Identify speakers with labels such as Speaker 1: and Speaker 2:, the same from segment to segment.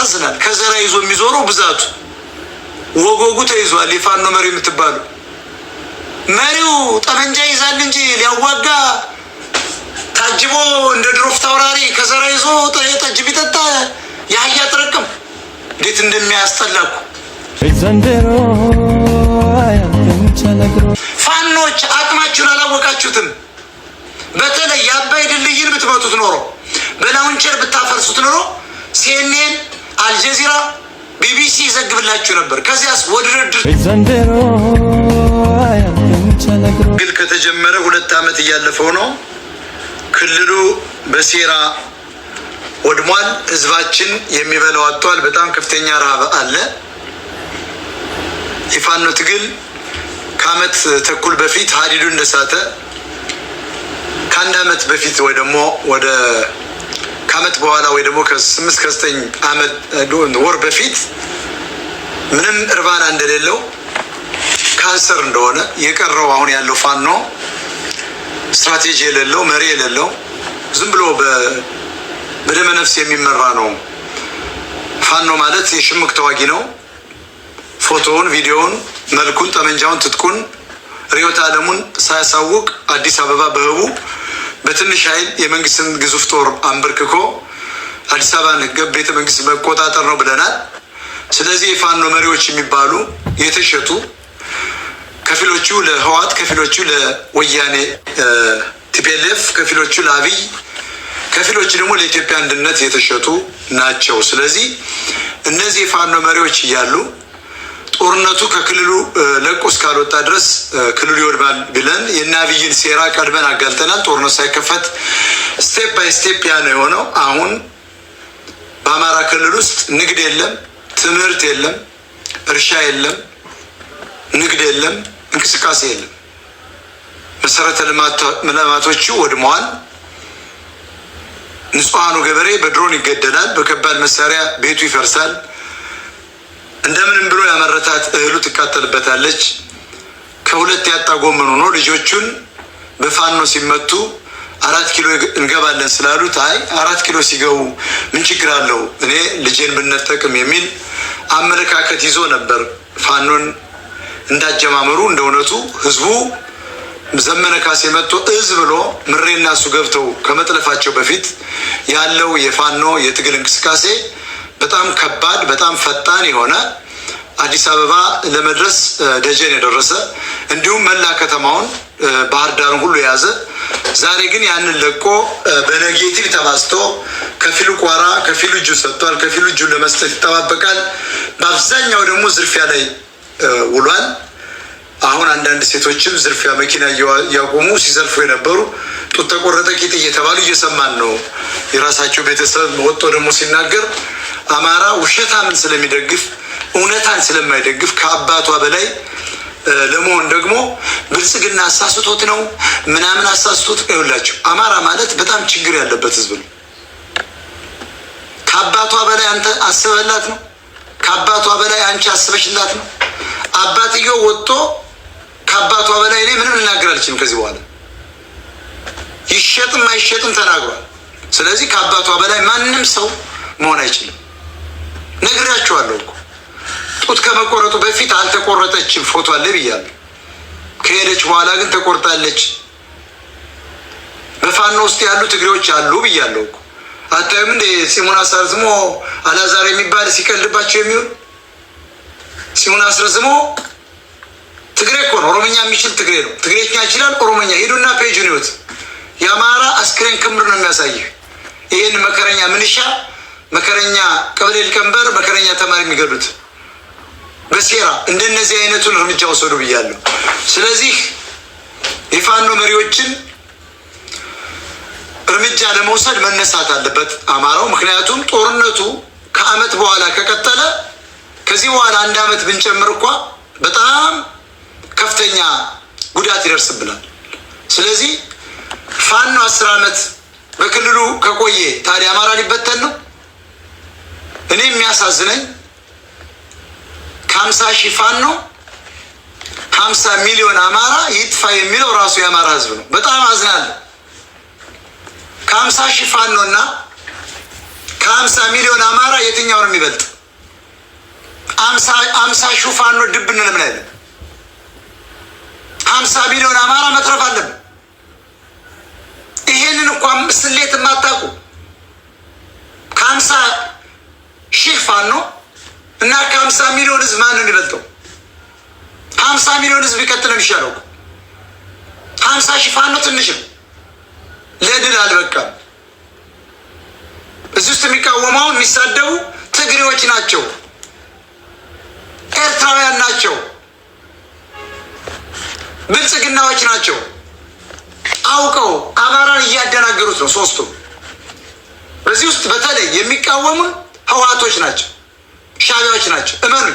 Speaker 1: ያሳዝናል። ከዘራ ይዞ የሚዞረው ብዛቱ ወጎጉ ተይዟል። የፋኖ መሪ የምትባሉ መሪው ጠመንጃ ይዛል እንጂ ሊያዋጋ ታጅቦ እንደ ድሮፍ ተወራሪ ከዘራ ይዞ ጠጅ ቢጠጣ የአህያ ጥርቅም እንዴት እንደሚያስጠላኩ ዘንድሮ ፋኖች አቅማችሁን አላወቃችሁትም። በተለይ የአባይ ድልድይን ብትመቱት ኖሮ በላውንቸር ብታፈርሱት ኖሮ ሲኤንኤን አልጀዚራ ቢቢሲ ይዘግብላችሁ ነበር። ከዚያስ ወደ ድርድር ከተጀመረ ሁለት ዓመት እያለፈው ነው። ክልሉ በሴራ ወድሟል። ህዝባችን የሚበላው አጥቷል። በጣም ከፍተኛ ረሃብ አለ። የፋኖ ትግል ከአመት ተኩል በፊት ሀዲዱ እንደሳተ ከአንድ አመት በፊት ወይ ደግሞ ወደ ከአመት በኋላ ወይ ደግሞ ከስምስት ከዘጠኝ አመት ወር በፊት ምንም እርባና እንደሌለው ካንሰር እንደሆነ የቀረው አሁን ያለው ፋኖ ስትራቴጂ የሌለው መሪ የሌለው ዝም ብሎ በደመ ነፍስ የሚመራ ነው። ፋኖ ማለት የሽምቅ ተዋጊ ነው። ፎቶውን፣ ቪዲዮውን፣ መልኩን፣ ጠመንጃውን፣ ትጥቁን፣ ርዕዮተ ዓለሙን ሳያሳውቅ አዲስ አበባ በህቡ በትንሽ ኃይል የመንግስትን ግዙፍ ጦር አንበርክኮ አዲስ አበባን ህገ ቤተ መንግስት መቆጣጠር ነው ብለናል። ስለዚህ የፋኖ መሪዎች የሚባሉ የተሸጡ ከፊሎቹ ለህዋት፣ ከፊሎቹ ለወያኔ ቲፒኤልኤፍ፣ ከፊሎቹ ለአብይ፣ ከፊሎቹ ደግሞ ለኢትዮጵያ አንድነት የተሸጡ ናቸው። ስለዚህ እነዚህ የፋኖ መሪዎች እያሉ ጦርነቱ ከክልሉ ለቆ እስካልወጣ ድረስ ክልሉ ይወድባል ብለን የናብይን ሴራ ቀድመን አጋልጠናል። ጦርነቱ ሳይከፈት ስቴፕ ባይ ስቴፕ ያ ነው የሆነው። አሁን በአማራ ክልል ውስጥ ንግድ የለም፣ ትምህርት የለም፣ እርሻ የለም፣ ንግድ የለም፣ እንቅስቃሴ የለም። መሰረተ ልማቶቹ ወድመዋል። ንጹሐኑ ገበሬ በድሮን ይገደላል፣ በከባድ መሳሪያ ቤቱ ይፈርሳል። እንደምንም ብሎ ያመረታት እህሉ ትቃጠልበታለች። ከሁለት ያጣ ጎመን ሆኖ ልጆቹን በፋኖ ሲመቱ አራት ኪሎ እንገባለን ስላሉት አይ አራት ኪሎ ሲገቡ ምን ችግር አለው እኔ ልጄን ብነጠቅም የሚል አመለካከት ይዞ ነበር ፋኖን እንዳጀማመሩ። እንደ እውነቱ ህዝቡ ዘመነ ካሴ መጥቶ እዝ ብሎ ምሬና እሱ ገብተው ከመጥለፋቸው በፊት ያለው የፋኖ የትግል እንቅስቃሴ በጣም ከባድ በጣም ፈጣን የሆነ አዲስ አበባ ለመድረስ ደጀን የደረሰ እንዲሁም መላ ከተማውን ባህር ዳርን ሁሉ የያዘ ዛሬ ግን ያንን ለቆ በኔጌቲቭ ተባዝቶ ከፊሉ ቋራ ከፊሉ እጁ ሰጥቷል፣ ከፊሉ እጁን ለመስጠት ይጠባበቃል። በአብዛኛው ደግሞ ዝርፊያ ላይ ውሏል። አሁን አንዳንድ ሴቶችም ዝርፊያ መኪና እያቆሙ ሲዘርፉ የነበሩ ጡት ተቆረጠ ቂጥ እየተባሉ እየሰማን ነው። የራሳቸው ቤተሰብ ወጥቶ ደግሞ ሲናገር አማራ ውሸታምን ስለሚደግፍ እውነታን ስለማይደግፍ ከአባቷ በላይ ለመሆን ደግሞ ብልጽግና አሳስቶት ነው ምናምን አሳስቶት ይሁላቸው። አማራ ማለት በጣም ችግር ያለበት ህዝብ ነው። ከአባቷ በላይ አንተ አስበላት ነው። ከአባቷ በላይ አንቺ አስበሽላት ነው። አባትየው ወጥቶ ከአባቷ በላይ እኔ ምንም ልናገር አልችልም ከዚህ በኋላ ይሸጥም አይሸጥም ተናግሯል። ስለዚህ ከአባቷ በላይ ማንም ሰው መሆን አይችልም። ነግራችኋለሁ እኮ ጡት ከመቆረጡ በፊት አልተቆረጠችም ፎቶ አለ ብያለሁ። ከሄደች በኋላ ግን ተቆርጣለች። በፋኖ ውስጥ ያሉ ትግሬዎች አሉ ብያለሁ እኮ አታዩም እንደ ጺሙን አስረዝሞ አላዛር የሚባል ሲቀልድባቸው የሚውል ጺሙን አስረዝሞ ትግሬ እኮ ነው። ኦሮሞኛ የሚችል ትግሬ ነው። ትግሬኛ ይችላል ኦሮሞኛ። ሂዱና ፔጁን ይዩት። የአማራ አስክሬን ክምር ነው የሚያሳይ ይህን መከረኛ ምንሻ መከረኛ ቀበሌ ሊቀመንበር፣ መከረኛ ተማሪ የሚገሉት በሴራ እንደነዚህ አይነቱን እርምጃ ወሰዱ ብያለሁ። ስለዚህ የፋኖ መሪዎችን እርምጃ ለመውሰድ መነሳት አለበት አማራው። ምክንያቱም ጦርነቱ ከአመት በኋላ ከቀጠለ ከዚህ በኋላ አንድ አመት ብንጨምር እንኳ በጣም ከፍተኛ ጉዳት ይደርስብናል። ስለዚህ ፋኖ አስር አመት በክልሉ ከቆየ ታዲያ አማራ ሊበተን ነው። እኔ የሚያሳዝነኝ ከሀምሳ ሺህ ፋኖ ነው ሀምሳ ሚሊዮን አማራ ይጥፋ የሚለው ራሱ የአማራ ህዝብ ነው። በጣም አዝናለሁ። ከሀምሳ ሺህ ፋኖ እና ከሀምሳ ሚሊዮን አማራ የትኛው ነው የሚበልጥ? አምሳ ሺህ ፋኖ ድብ እንልም ላይ ሀምሳ ሚሊዮን አማራ መትረፍ አለብን። ይሄንን እንኳን ስሌት የማታውቁ ከሀምሳ ሺህ ፋኖ እና ከሀምሳ ሚሊዮን ህዝብ ማን ይበልጠው? ሀምሳ ሚሊዮን ህዝብ ይቀጥለን ይሻለው። ሀምሳ ሺህ ፋኖ ትንሽም ለድል አልበቃም። እዚህ ውስጥ የሚቃወመውን የሚሳደቡ ትግሬዎች ናቸው፣ ኤርትራውያን ናቸው፣ ብልጽግናዎች ናቸው። አውቀው አማራን እያደናገሩት ነው ሶስቱ። በዚህ ውስጥ በተለይ የሚቃወሙን ህወሓቶች ናቸው፣ ሻቢያዎች ናቸው። እመኑ።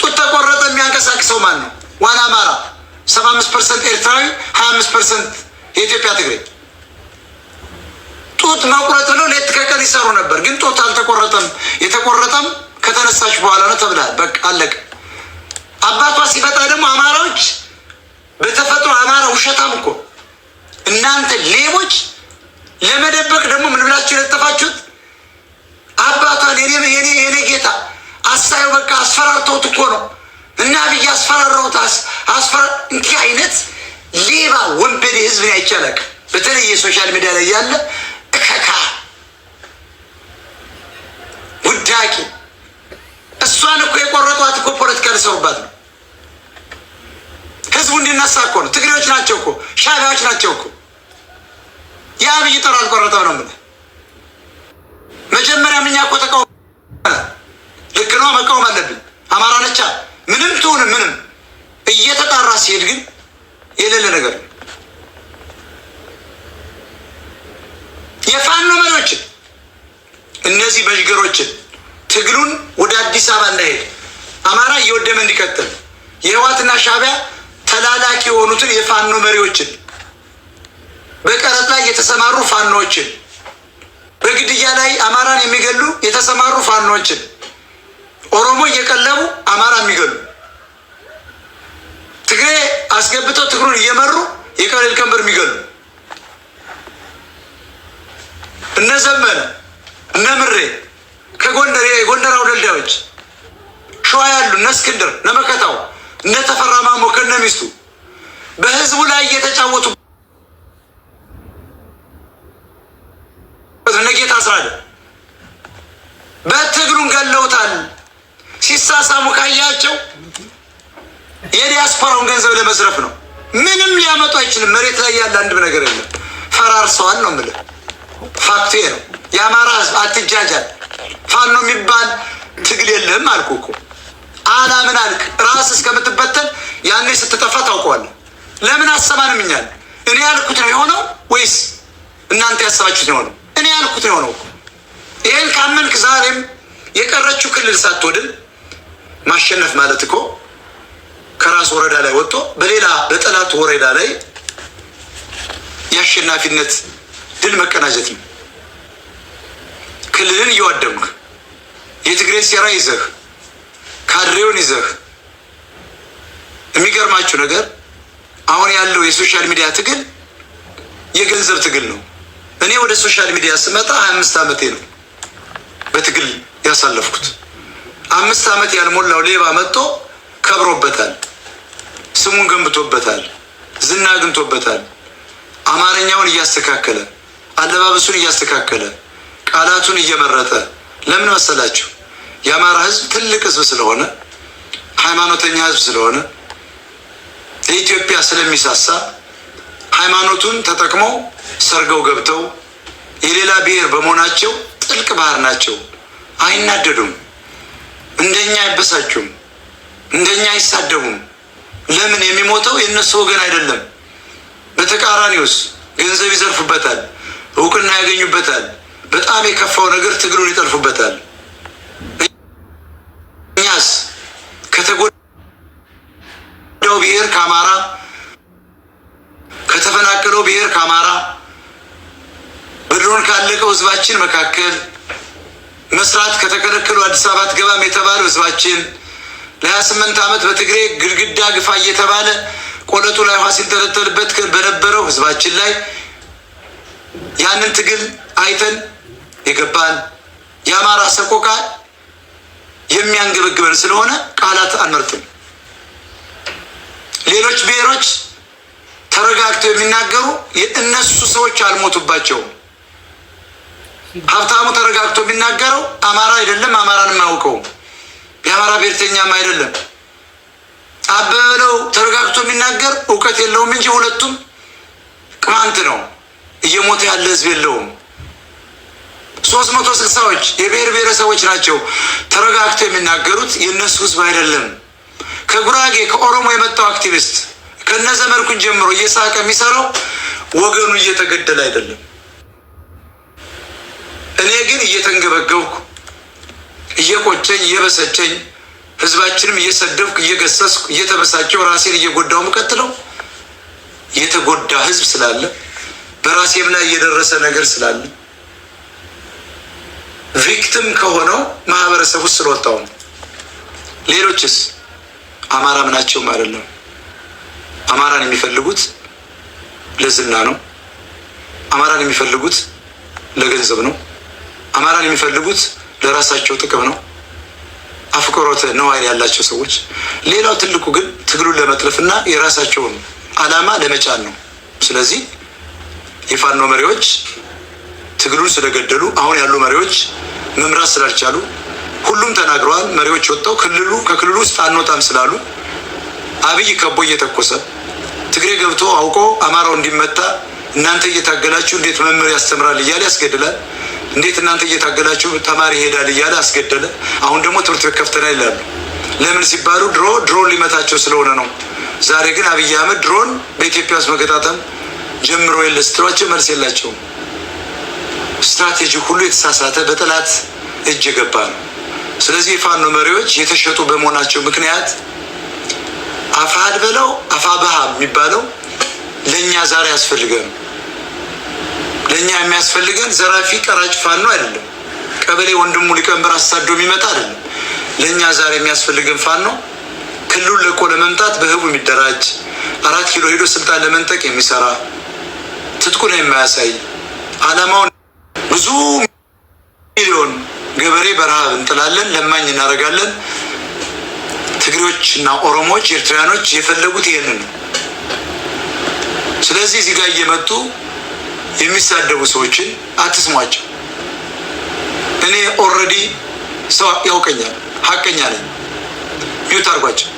Speaker 1: ጡት ተቆረጠ የሚያንቀሳቅሰው ማን ነው? ዋና አማራ ሰባ ፐርሰንት ኤርትራዊ፣ ሀያ ፐርሰንት የኢትዮጵያ ትግሬ ጡት መቁረጥ ብለው ሌት ከቀን ይሰሩ ነበር። ግን ጡት አልተቆረጠም። የተቆረጠም ከተነሳች በኋላ ነው ተብላል። በቃ አለቀ። አባቷ ሲመጣ ደግሞ አማራዎች በተፈጥሮ አማራ ውሸታም እኮ እናንተ ሌቦች፣ ለመደበቅ ደግሞ ምን ብላችሁ የለጠፋችሁት አባቷን የኔ ጌታ አሳዩ በቃ አስፈራርተውት እኮ ነው እና ብዬ አስፈራረውት አስፈራ እንዲህ አይነት ሌባ ወንበዴ ህዝብን አይቻለቅ በተለይ የሶሻል ሚዲያ ላይ ያለ እከካ ውዳቂ እሷን እኮ የቆረጧት እኮ ፖለቲካ ሊሰሩባት ነው። ህዝቡ እንዲነሳ እኮ ነው። ትግሬዎች ናቸው እኮ ሻቢያዎች ናቸው እኮ የአብይ ጦር አልቆረጠው ነው ምን መጀመሪያ ምኛ እኮ ተቃውሞ ልክ ነው፣ መቃወም አለብን። አማራ ነቻ ምንም ትሁን ምንም እየተጣራ ሲሄድ ግን የሌለ ነገር ነው። የፋኖ መሪዎችን እነዚህ መዥገሮችን ትግሉን ወደ አዲስ አበባ እንዳይሄድ አማራ እየወደመ እንዲቀጥል የህዋትና ሻቢያ ተላላኪ የሆኑትን የፋኖ መሪዎችን በቀረጥ ላይ የተሰማሩ ፋኖዎችን በግድያ ላይ አማራን የሚገሉ የተሰማሩ ፋኖችን ኦሮሞ እየቀለቡ አማራ የሚገሉ ትግሬ አስገብተው ትግሩን እየመሩ የቀለል ቀንበር የሚገሉ እነ ዘመን እነ ምሬ ከጎንደር የጎንደር አውደልዳዮች ሸዋ ያሉ እነ እስክንድር እነ መከታው እነ ተፈራ ማሞ ከነ ሚስቱ በህዝቡ ላይ እየተጫወቱ ለጌታ ሳለ በትግሉን ገለውታል። ሲሳሳሙ ካያቸው የዲያስፖራውን ገንዘብ ለመዝረፍ ነው። ምንም ሊያመጡ አይችልም። መሬት ላይ ያለ አንድም ነገር የለም። ፈራርሰዋል ነው የምልህ። ፋክቱ ነው። የአማራ ህዝብ አትጃጃል፣ ፋኖ የሚባል ትግል የለህም አልኩ እኮ ምን አልክ። ራስ እስከምትበተን ያኔ ስትጠፋ ታውቀዋለህ። ለምን አሰማንም እኔ ያልኩት ነው የሆነው ወይስ እናንተ ያሰባችሁት የሆነው? ያልኩት የሆነው ይህን ካመንክ ዛሬም የቀረችው ክልል ሳትወድን ማሸነፍ ማለት እኮ ከራስ ወረዳ ላይ ወጥቶ በሌላ በጠላት ወረዳ ላይ የአሸናፊነት ድል መቀናጀት ነው። ክልልን እየዋደምክ የትግሬ ሴራ ይዘህ ካድሬውን ይዘህ የሚገርማችሁ ነገር አሁን ያለው የሶሻል ሚዲያ ትግል የገንዘብ ትግል ነው። እኔ ወደ ሶሻል ሚዲያ ስመጣ ሀያ አምስት ዓመቴ ነው በትግል ያሳለፍኩት። አምስት ዓመት ያልሞላው ሌባ መጥቶ ከብሮበታል፣ ስሙን ገንብቶበታል፣ ዝና አግኝቶበታል። አማርኛውን እያስተካከለ አለባበሱን እያስተካከለ ቃላቱን እየመረጠ ለምን መሰላችሁ? የአማራ ህዝብ ትልቅ ህዝብ ስለሆነ ሃይማኖተኛ ህዝብ ስለሆነ ለኢትዮጵያ ስለሚሳሳ ሃይማኖቱን ተጠቅመው ሰርገው ገብተው የሌላ ብሔር በመሆናቸው ጥልቅ ባህር ናቸው። አይናደዱም፣ እንደኛ አይበሳጩም፣ እንደኛ አይሳደቡም። ለምን የሚሞተው የእነሱ ወገን አይደለም? በተቃራኒውስ ገንዘብ ይዘርፉበታል፣ እውቅና ያገኙበታል። በጣም የከፋው ነገር ትግሉን ይጠልፉበታል። እኛስ ከተጎዳው ብሔር ከአማራ ከተፈናቀለው ብሔር ከአማራ በድሮን ካለቀው ህዝባችን መካከል መስራት ከተከለከሉ አዲስ አበባ አትገባም የተባለው ህዝባችን ለሀያ ስምንት ዓመት በትግሬ ግድግዳ ግፋ እየተባለ ቆለጡ ላይ ውሃ ሲንጠለጠልበት በነበረው ህዝባችን ላይ ያንን ትግል አይተን የገባን የአማራ ሰቆቃ የሚያንገበግበን ስለሆነ ቃላት አንመርጥም። ሌሎች ብሔሮች ተረጋግተው የሚናገሩ እነሱ ሰዎች አልሞቱባቸውም። ሀብታሙ ተረጋግቶ የሚናገረው አማራ አይደለም፣ አማራን የማያውቀውም የአማራ ብሔርተኛም አይደለም። አበበለው ተረጋግቶ የሚናገር እውቀት የለውም እንጂ ሁለቱም ቅማንት ነው። እየሞተ ያለ ህዝብ የለውም። ሶስት መቶ ስልሳዎች የብሔር ብሔረሰቦች ናቸው ተረጋግተው የሚናገሩት የእነሱ ህዝብ አይደለም። ከጉራጌ ከኦሮሞ የመጣው አክቲቪስት ከእነዘ መልኩን ጀምሮ እየሳቀ የሚሰራው ወገኑ እየተገደለ አይደለም። እኔ ግን እየተንገበገብኩ እየቆጨኝ እየበሰጨኝ ህዝባችንም እየሰደብኩ እየገሰስኩ እየተበሳጨው ራሴን እየጎዳው ምቀጥለው የተጎዳ ህዝብ ስላለ በራሴም ላይ እየደረሰ ነገር ስላለ ቪክቲም ከሆነው ማህበረሰብ ውስጥ ስለወጣው ነው። ሌሎችስ አማራም ናቸውም አይደለም። አማራን የሚፈልጉት ለዝና ነው። አማራን የሚፈልጉት ለገንዘብ ነው። አማራን የሚፈልጉት ለራሳቸው ጥቅም ነው። አፍቅሮተ ነዋይ ያላቸው ሰዎች። ሌላው ትልቁ ግን ትግሉን ለመጥለፍና የራሳቸውን አላማ ለመጫን ነው። ስለዚህ የፋኖ መሪዎች ትግሉን ስለገደሉ አሁን ያሉ መሪዎች መምራት ስላልቻሉ ሁሉም ተናግረዋል። መሪዎች ወጥተው ክልሉ ከክልሉ ውስጥ አንወጣም ስላሉ አብይ ከቦ እየተኮሰ ትግሬ ገብቶ አውቆ አማራው እንዲመታ እናንተ እየታገላችሁ እንዴት መምህር ያስተምራል እያለ ያስገድላል። እንዴት እናንተ እየታገላችሁ ተማሪ ይሄዳል እያለ አስገደለ። አሁን ደግሞ ትምህርት ቤት ይላሉ። ለምን ሲባሉ ድሮ ድሮን ሊመታቸው ስለሆነ ነው። ዛሬ ግን አብይ አህመድ ድሮን በኢትዮጵያ ውስጥ መገጣጠም ጀምሮ የለ ስትሏቸው መልስ የላቸውም። ስትራቴጂ ሁሉ የተሳሳተ በጠላት እጅ የገባ ነው። ስለዚህ የፋኖ መሪዎች የተሸጡ በመሆናቸው ምክንያት አፋድ በለው አፋብሃ የሚባለው ለእኛ ዛሬ ያስፈልገን ለእኛ የሚያስፈልገን ዘራፊ ቀራጭ ፋኖ አይደለም። ቀበሌ ወንድሙ ሊቀመንበር አሳዶ የሚመጣ አይደለም። ለእኛ ዛሬ የሚያስፈልገን ፋኖ ክልሉን ለቆ ለመምጣት በህቡ የሚደራጅ አራት ኪሎ ሄዶ ስልጣን ለመንጠቅ የሚሰራ ትጥቁን የማያሳይ አላማውን ብዙ ሚሊዮን ገበሬ በረሃብ እንጥላለን፣ ለማኝ እናደርጋለን። ትግሬዎች እና ኦሮሞዎች፣ ኤርትራውያኖች የፈለጉት ይሄንን ነው። ስለዚህ እዚህ ጋር እየመጡ የሚሳደቡ ሰዎችን አትስሟቸው። እኔ ኦልሬዲ ሰው ያውቀኛል፣ ሀቀኛ ነኝ። ዩት አድርጓቸው።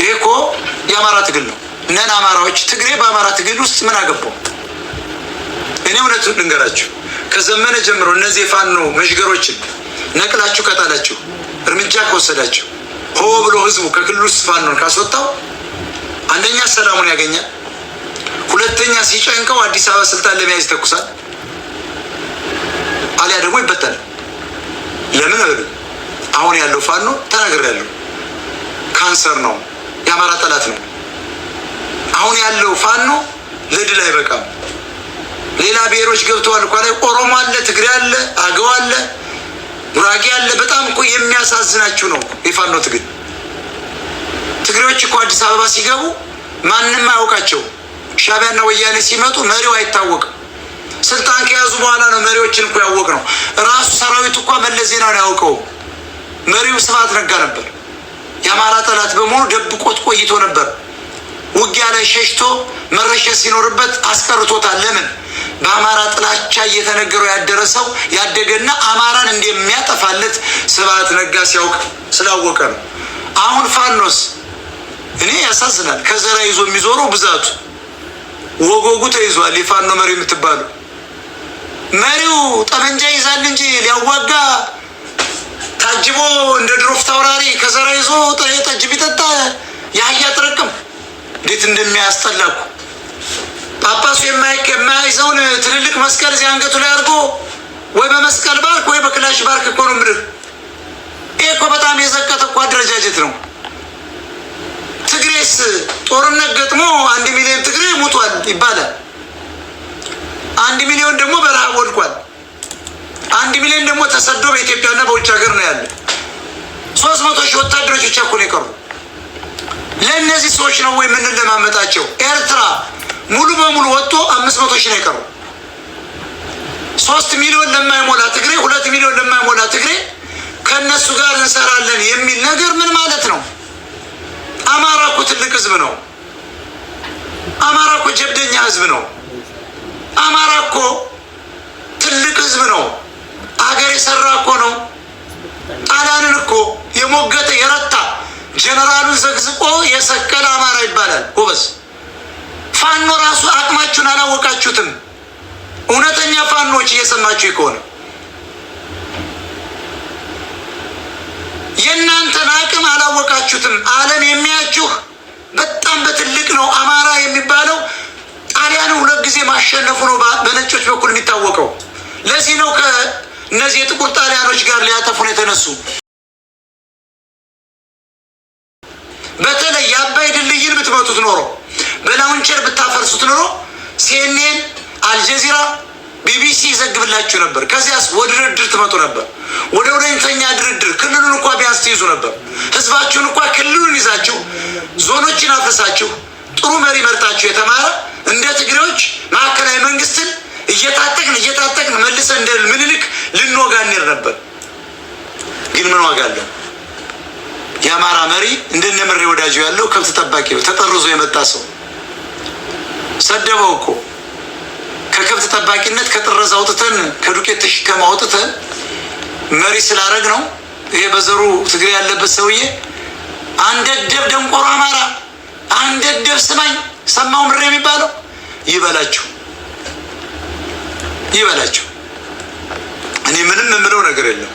Speaker 1: ይሄ እኮ የአማራ ትግል ነው። ነን አማራዎች፣ ትግሬ በአማራ ትግል ውስጥ ምን አገባው? እኔ እውነቱ ልንገራችሁ፣ ከዘመነ ጀምሮ እነዚህ የፋኖ መሽገሮችን ነቅላችሁ ከጣላችሁ፣ እርምጃ ከወሰዳችሁ ሆ ብሎ ህዝቡ ከክልሉ ውስጥ ፋኖን ካስወጣው አንደኛ ሰላሙን ያገኛል፣ ሁለተኛ ሲጨንቀው አዲስ አበባ ስልጣን ለመያዝ ይተኩሳል፣ አሊያ ደግሞ ይበታል። ለምን በሉ አሁን ያለው ፋኖ ያለው ካንሰር ነው፣ የአማራ ጠላት ነው። አሁን ያለው ፋኖ ልድል አይበቃም። ሌላ ብሔሮች ገብተዋል እኮ ላይ ኦሮሞ አለ፣ ትግሬ አለ፣ አገው አለ ጉራጌ ያለ በጣም እኮ የሚያሳዝናችሁ ነው የፋኖ ትግል። ትግሬዎች እኮ አዲስ አበባ ሲገቡ ማንም አያውቃቸው። ሻቢያና ወያኔ ሲመጡ መሪው አይታወቅም። ስልጣን ከያዙ በኋላ ነው መሪዎችን እኮ ያወቅ ነው። ራሱ ሰራዊት እኳ መለስ ዜናውን ያውቀው መሪው ስብሐት ነጋ ነበር። የአማራ ጠላት በመሆኑ ደብቆት ቆይቶ ነበር። ውጊያ ላይ ሸሽቶ መረሸት ሲኖርበት አስቀርቶታል። ለምን? በአማራ ጥላቻ እየተነገረው ያደረሰው ያደገና አማራን እንደሚያጠፋለት ስብሐት ነጋ ሲያውቅ ስላወቀ ነው። አሁን ፋኖስ እኔ ያሳዝናል። ከዘራ ይዞ የሚዞረው ብዛቱ ወጎጉ ተይዟል። የፋኖ መሪ የምትባለው መሪው ጠመንጃ ይዛል እንጂ ሊያዋጋ ታጅቦ እንደ ድሮፍ ታውራሪ ከዘራ ይዞ ጠጅ ቢጠጣ የአህያ ጥርቅም እንዴት እንደሚያስጠላኩ ጳጳሱ የማይዘውን ትልልቅ መስቀል እዚህ አንገቱ ላይ አድርጎ ወይ በመስቀል ባርክ ወይ በክላሽ ባርክ እኮ ነው ምድር። ይህ እኮ በጣም የዘቀተ እኮ አደረጃጀት ነው። ትግሬስ ጦርነት ገጥሞ አንድ ሚሊዮን ትግሬ ሙቷል ይባላል። አንድ ሚሊዮን ደግሞ በረሃብ ወድቋል። አንድ ሚሊዮን ደግሞ ተሰዶ በኢትዮጵያና በውጭ ሀገር ነው ያለ። ሶስት መቶ ሺህ ወታደሮች ብቻ እኮ ነው የቀሩ። ለእነዚህ ሰዎች ነው ወይ የምንለማመጣቸው? ኤርትራ ሙሉ በሙሉ ወጥቶ አምስት መቶ ሺህ ነው የቀሩ። ሶስት ሚሊዮን ለማይሞላ ትግሬ፣ ሁለት ሚሊዮን ለማይሞላ ትግሬ ከእነሱ ጋር እንሰራለን የሚል ነገር ምን ማለት ነው? አማራ እኮ ትልቅ ህዝብ ነው። አማራ እኮ ጀብደኛ ህዝብ ነው። አማራ እኮ ትልቅ ህዝብ ነው። አገር የሰራ እኮ ነው። ጣሊያንን እኮ ጀነራሉን ዘግዝቆ የሰቀለ አማራ ይባላል። ጎበዝ ፋኖ ራሱ አቅማችሁን አላወቃችሁትም። እውነተኛ ፋኖች እየሰማችሁ ከሆነ የእናንተን አቅም አላወቃችሁትም። ዓለም የሚያችሁ በጣም በትልቅ ነው። አማራ የሚባለው ጣሊያን ሁለት ጊዜ ማሸነፉ ነው በነጮች በኩል የሚታወቀው። ለዚህ ነው ከእነዚህ የጥቁር ጣሊያኖች ጋር ሊያጠፉን የተነሱ በተለይ የአባይ ድልድይን ብትመቱት ኖሮ በላውንቸር ብታፈርሱት ኖሮ ሲኤንኤን፣ አልጀዚራ፣ ቢቢሲ ይዘግብላችሁ ነበር። ከዚያስ ወደ ድርድር ትመጡ ነበር፣ ወደ ወደኝተኛ ድርድር። ክልሉን እንኳ ቢያንስ ትይዙ ነበር። ህዝባችሁን እንኳ ክልሉን ይዛችሁ ዞኖችን አፈሳችሁ ጥሩ መሪ መርጣችሁ የተማረ እንደ ትግሬዎች ማዕከላዊ መንግስትን እየታጠቅን እየታጠቅን መልሰን እንደ ምኒልክ ልንወጋ እንሄድ ነበር። ግን ምን ዋጋ አለን? የአማራ መሪ እንደነ ምሬ ወዳጁ ያለው ከብት ጠባቂ ነው። ተጠርዞ የመጣ ሰው ሰደበው እኮ ከከብት ጠባቂነት ከጥረዛ አውጥተን ከዱቄት ተሽከማ አውጥተን መሪ ስላረግ ነው። ይሄ በዘሩ ትግሬ ያለበት ሰውዬ አንደደብ ደንቆሮ አማራ አንደደብ ስማኝ ሰማው ምሬ የሚባለው ይበላችሁ ይበላችሁ። እኔ ምንም የምለው ነገር የለም።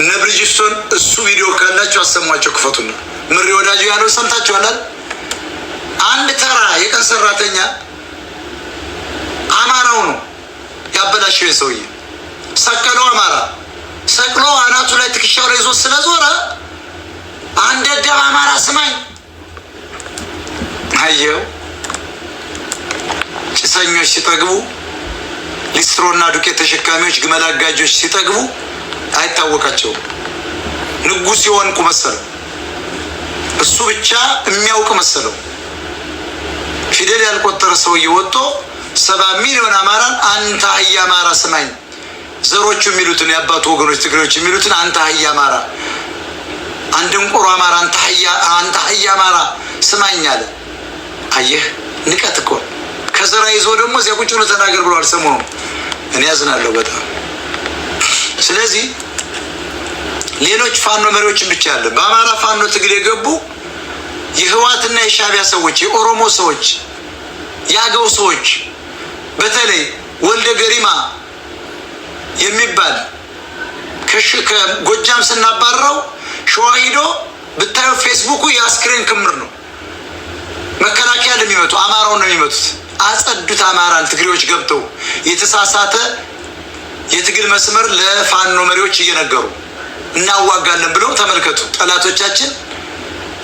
Speaker 1: እነ ብርጅስቶን እሱ ቪዲዮ ካላቸው አሰሟቸው፣ ክፈቱና ምሪ ወዳጁ ያለው ሰምታችኋላል። አንድ ተራ የቀን ሰራተኛ አማራው ነው ያበላሸው ሰውዬ። ሰቀለው አማራ ሰቅሎ አናቱ ላይ ትከሻው ላይ ይዞ ስለዞረ አንድ ደብ አማራ ስማኝ አየው። ጭሰኞች ሲጠግቡ ሊስትሮና ዱቄት ተሸካሚዎች ግመል አጋጆች ሲጠግቡ አይታወቃቸው ንጉስ የሆንኩ መሰለው። እሱ ብቻ የሚያውቅ መሰለው። ፊደል ያልቆጠረ ሰው እየወጦ ሰባ ሚሊዮን አማራን አንተ አህያ አማራ ስማኝ፣ ዘሮቹ የሚሉትን የአባቱ ወገኖች ትግሬዎች የሚሉትን አንተ አህያ አማራ፣ አንድ እንቁሮ አማራ አንተ አህያ አማራ ስማኝ አለ። አየህ ንቀት እኮ ከዘራ ይዞ ደግሞ እዚያ ቁጭ ብሎ ተናገር ብለዋል። ሰሞኑን እኔ ያዝናለሁ በጣም ስለዚህ ሌሎች ፋኖ መሪዎችን ብቻ ያለ በአማራ ፋኖ ትግል የገቡ የህዋትና የሻቢያ ሰዎች፣ የኦሮሞ ሰዎች፣ የአገው ሰዎች በተለይ ወልደ ገሪማ የሚባል ከጎጃም ስናባረው ሸዋ ሂዶ ብታዩ ፌስቡኩ የአስክሬን ክምር ነው። መከላከያ ለሚመጡ አማራው ነው የሚመጡት። አጸዱት አማራን ትግሬዎች ገብተው የተሳሳተ የትግል መስመር ለፋኖ መሪዎች እየነገሩ እናዋጋለን ብለው ተመልከቱ። ጠላቶቻችን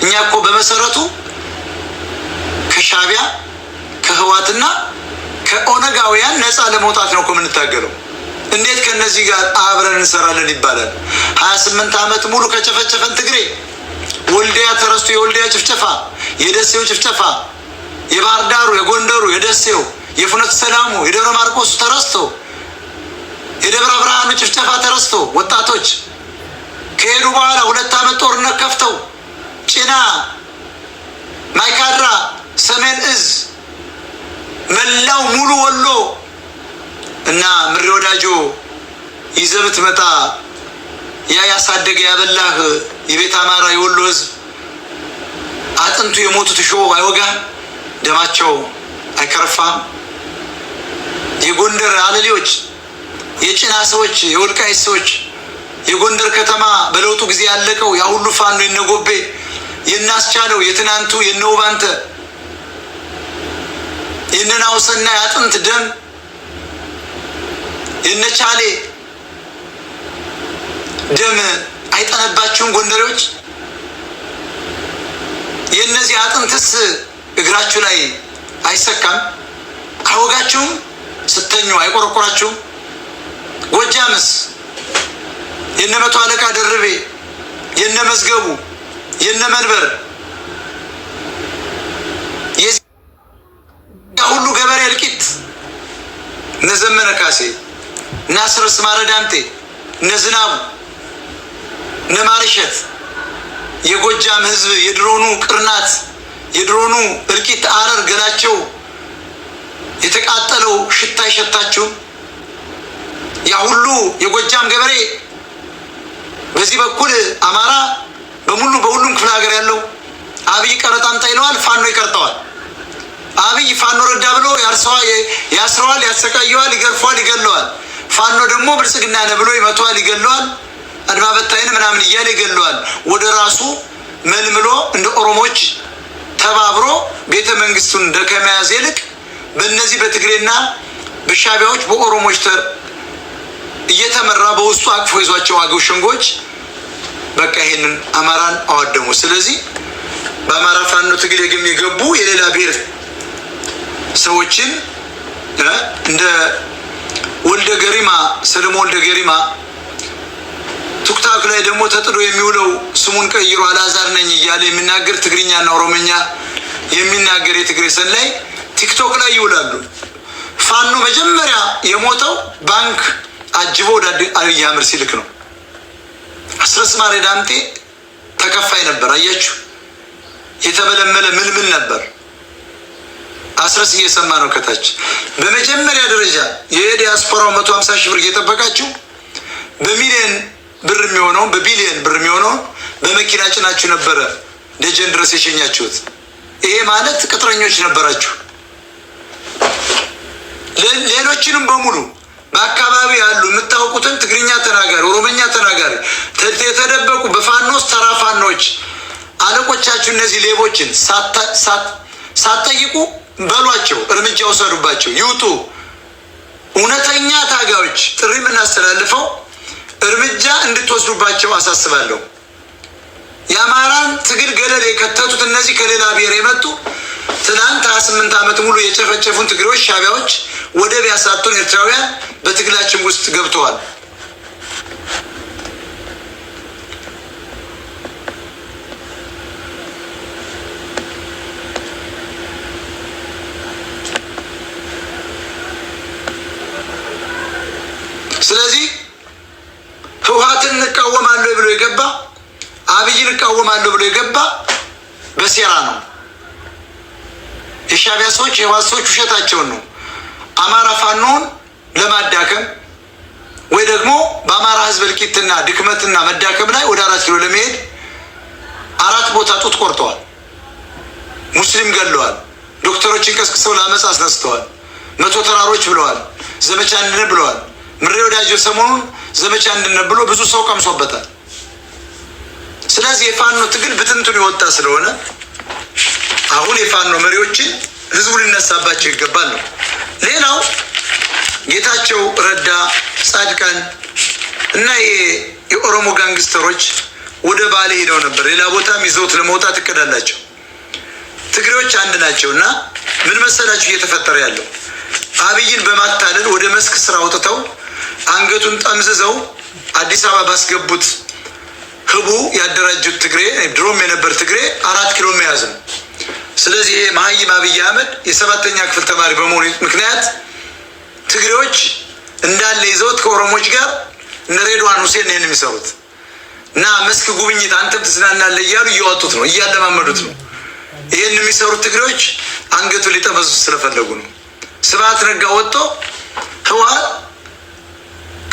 Speaker 1: እኛ እኮ በመሰረቱ ከሻቢያ ከህዋትና ከኦነጋውያን ነፃ ለመውጣት ነው እኮ የምንታገለው። እንዴት ከነዚህ ጋር አብረን እንሰራለን ይባላል? ሀያ ስምንት ዓመት ሙሉ ከጨፈጨፈን ትግሬ ወልዲያ ተረስቶ የወልዲያ ጭፍጨፋ፣ የደሴው ጭፍጨፋ፣ የባህር ዳሩ፣ የጎንደሩ፣ የደሴው፣ የፍኖተ ሰላሙ፣ የደብረ ማርቆሱ ተረስቶ የደብረ ብርሃኑ ጭፍጨፋ ተረስቶ ወጣቶች ከሄዱ በኋላ ሁለት ዓመት ጦርነት ከፍተው ጭና፣ ማይካድራ፣ ሰሜን እዝ መላው ሙሉ ወሎ እና ምሬ ወዳጆ ይዘህ ብትመጣ ያ ያሳደገ ያበላህ የቤት አማራ የወሎ ህዝብ አጥንቱ የሞቱት ሾ አይወጋም? ደማቸው አይከረፋም? የጎንደር አለሌዎች፣ የጭና ሰዎች፣ የወልቃይት ሰዎች የጎንደር ከተማ በለውጡ ጊዜ ያለቀው ያ ሁሉ ፋኖ የነጎቤ የናስቻለው የትናንቱ የነውባንተ አውሰና የአጥንት ደም የነቻሌ ደም አይጠነባችሁም ጎንደሬዎች? የእነዚህ አጥንትስ እግራችሁ ላይ አይሰካም? አይወጋችሁም? ስተኙ አይቆረቆራችሁም? ጎጃምስ የነ መቶ አለቃ ደርቤ፣ የነ መዝገቡ፣ የነ መንበር ሁሉ ገበሬ እልቂት እነ ዘመነ ካሴ፣ እነ አስረስ ማረ ዳምጤ፣ እነ ዝናቡ፣ እነ ማርሸት የጎጃም ህዝብ የድሮኑ ቅርናት የድሮኑ እልቂት አረር ገላቸው የተቃጠለው ሽታ አይሸታችሁም ያ ሁሉ የጎጃም ገበሬ በዚህ በኩል አማራ በሙሉ በሁሉም ክፍለ ሀገር ያለው አብይ ቀረጥ አምጣ ይለዋል፣ ፋኖ ይቀርጠዋል። አብይ ፋኖ ረዳ ብሎ ያስረዋል፣ ያሰቃየዋል፣ ይገርፈዋል፣ ይገለዋል። ፋኖ ደግሞ ብልጽግና ነ ብሎ ይመተዋል፣ ይገለዋል። አድማ በታይን ምናምን እያለ ይገለዋል። ወደ ራሱ መልምሎ እንደ ኦሮሞች ተባብሮ ቤተ መንግስቱን ከመያዝ ይልቅ በእነዚህ በትግሬና በሻቢያዎች በኦሮሞች እየተመራ በውስጡ አቅፎ ይዟቸው አገው ሸንጎች በቃ ይሄንን አማራን አዋደሙ። ስለዚህ በአማራ ፋኖ ትግል የሚገቡ የሌላ ብሔር ሰዎችን እንደ ወልደ ገሪማ ሰለሞን ወልደ ገሪማ ቱክታክ ላይ ደግሞ ተጥሎ የሚውለው ስሙን ቀይሮ አላዛር ነኝ እያለ የሚናገር ትግርኛና ኦሮምኛ የሚናገር የትግሬ ሰላይ ቲክቶክ ላይ ይውላሉ። ፋኖ መጀመሪያ የሞተው ባንክ አጅቦ ወደ አብይ አህመድ ሲልክ ነው። አስረስ ማሬ ዳምጤ ተከፋይ ነበር። አያችሁ፣ የተመለመለ ምልምል ነበር። አስረስ እየሰማ ነው ከታች። በመጀመሪያ ደረጃ የዲያስፖራው መቶ ሀምሳ ሺህ ብር እየጠበቃችሁ በሚሊየን ብር የሚሆነው በቢሊየን ብር የሚሆነው በመኪና ጭናችሁ ነበረ ደጀን ድረስ የሸኛችሁት። ይሄ ማለት ቅጥረኞች ነበራችሁ። ሌሎችንም በሙሉ በአካባቢ ያሉ የምታውቁት የተደበቁ በፋኖስ ተራፋኖች አለቆቻችሁ እነዚህ ሌቦችን ሳትጠይቁ በሏቸው፣ እርምጃ ውሰዱባቸው፣ ይውጡ። እውነተኛ ታጋዮች ጥሪ የምናስተላልፈው እርምጃ እንድትወስዱባቸው አሳስባለሁ። የአማራን ትግል ገደል የከተቱት እነዚህ ከሌላ ብሔር የመጡ ትናንት ሀያ ስምንት ዓመት ሙሉ የጨፈጨፉን ትግሬዎች ሻቢያዎች ወደብ ያሳጡን ኤርትራውያን በትግላችን ውስጥ ገብተዋል። ስለዚህ ህወሓትን እንቃወማለ ብሎ የገባ አብይን እቃወማለሁ ብሎ የገባ በሴራ ነው። የሻቢያ ሰዎች የህወሓት ሰዎች ውሸታቸውን ነው። አማራ ፋኖን ለማዳከም ወይ ደግሞ በአማራ ህዝብ እልቂትና ድክመትና መዳከም ላይ ወደ አራት ኪሎ ለመሄድ አራት ቦታ ጡት ቆርጠዋል። ሙስሊም ገለዋል። ዶክተሮችን ቀስቅሰው ለአመፅ አስነስተዋል። መቶ ተራሮች ብለዋል። ዘመቻ ንን ብለዋል። ምሬ ወዳጆ ሰሞኑን ዘመቻ አንድነት ብሎ ብዙ ሰው ቀምሶበታል። ስለዚህ የፋኖ ትግል ብትንቱን የወጣ ስለሆነ አሁን የፋኖ መሪዎችን ህዝቡ ሊነሳባቸው ይገባል ነው። ሌላው ጌታቸው ረዳ፣ ጻድቃን እና የኦሮሞ ጋንግስተሮች ወደ ባሌ ሄደው ነበር። ሌላ ቦታም ይዘውት ለመውጣት እቅድ አላቸው። ትግሬዎች አንድ ናቸው እና ምን መሰላችሁ እየተፈጠረ ያለው አብይን በማታለል ወደ መስክ ስራ አውጥተው አንገቱን ጠምዝዘው አዲስ አበባ ባስገቡት ህቡ ያደራጁት ትግሬ ድሮም የነበር ትግሬ አራት ኪሎ መያዝ ነው። ስለዚህ ይሄ መሀይም አብይ አህመድ የሰባተኛ ክፍል ተማሪ በመሆኑ ምክንያት ትግሬዎች እንዳለ ይዘውት ከኦሮሞች ጋር እነ ሬድዋን ሁሴን ይህን የሚሰሩት እና መስክ ጉብኝት አንተም ትዝናናለ እያሉ እያወጡት ነው፣ እያለማመዱት ነው። ይህን የሚሰሩት ትግሬዎች አንገቱን ሊጠመዙት ስለፈለጉ ነው። ስብሐት ነጋ ወጥቶ ህወሓት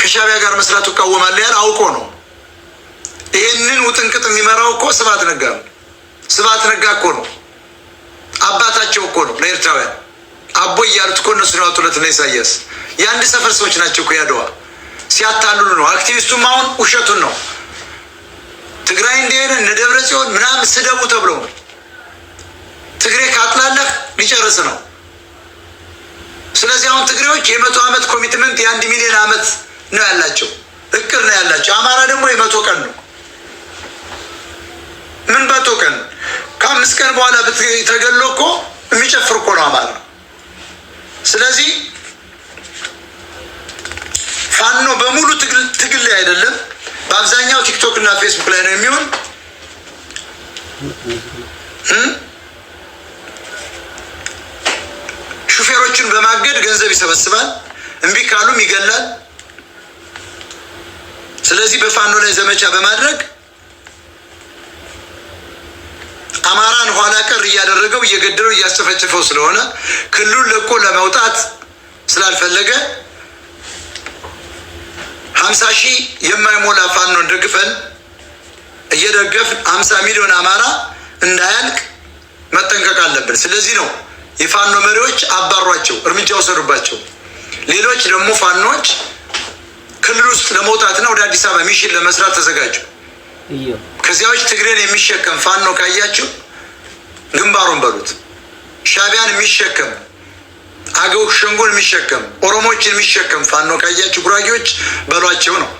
Speaker 1: ከሻቢያ ጋር መስራት ይቃወማል ያል አውቆ ነው። ይህንን ውጥንቅጥ የሚመራው እኮ ስብሐት ነጋ ነው። ስብሐት ነጋ እኮ ነው አባታቸው እኮ ነው ለኤርትራውያን አቦ እያሉት እኮ እነሱ ነው ያወጡለት። እና ኢሳያስ የአንድ ሰፈር ሰዎች ናቸው እኮ ያደዋ ሲያታልሉ ነው። አክቲቪስቱም አሁን ውሸቱን ነው ትግራይ እንደሆነ እነ ደብረ ጽዮን ምናምን ስደቡ ተብለው ነው ትግሬ ካጥላለህ ሊጨርስ ነው። ስለዚህ አሁን ትግሬዎች የመቶ ዓመት ኮሚትመንት የአንድ ሚሊዮን ዓመት ነው ያላቸው፣ እቅድ ነው ያላቸው። አማራ ደግሞ የመቶ ቀን ነው። ምን መቶ ቀን ከአምስት ቀን በኋላ ተገሎ እኮ የሚጨፍር እኮ ነው አማራ። ስለዚህ ፋኖ በሙሉ ትግል ላይ አይደለም፣ በአብዛኛው ቲክቶክ እና ፌስቡክ ላይ ነው የሚሆን። ሹፌሮችን በማገድ ገንዘብ ይሰበስባል። እምቢ ካሉም ይገላል። ስለዚህ በፋኖ ላይ ዘመቻ በማድረግ አማራን ኋላ ቀር እያደረገው እየገደለው እያስጨፈጨፈው ስለሆነ ክልሉን ለቆ ለመውጣት ስላልፈለገ ሀምሳ ሺህ የማይሞላ ፋኖን ደግፈን እየደገፍ ሀምሳ ሚሊዮን አማራ እንዳያልቅ መጠንቀቅ አለብን። ስለዚህ ነው የፋኖ መሪዎች አባሯቸው፣ እርምጃ ወሰዱባቸው። ሌሎች ደግሞ ፋኖች ክልል ውስጥ ለመውጣትና ወደ አዲስ አበባ ሚሽን ለመስራት ተዘጋጁ። ከዚያዎች ትግሬን የሚሸከም ፋኖ ካያችሁ ግንባሩን በሉት። ሻቢያን የሚሸከም አገው ሸንጎን የሚሸከም ኦሮሞችን የሚሸከም ፋኖ ካያችሁ ጉራጌዎች በሏቸው ነው።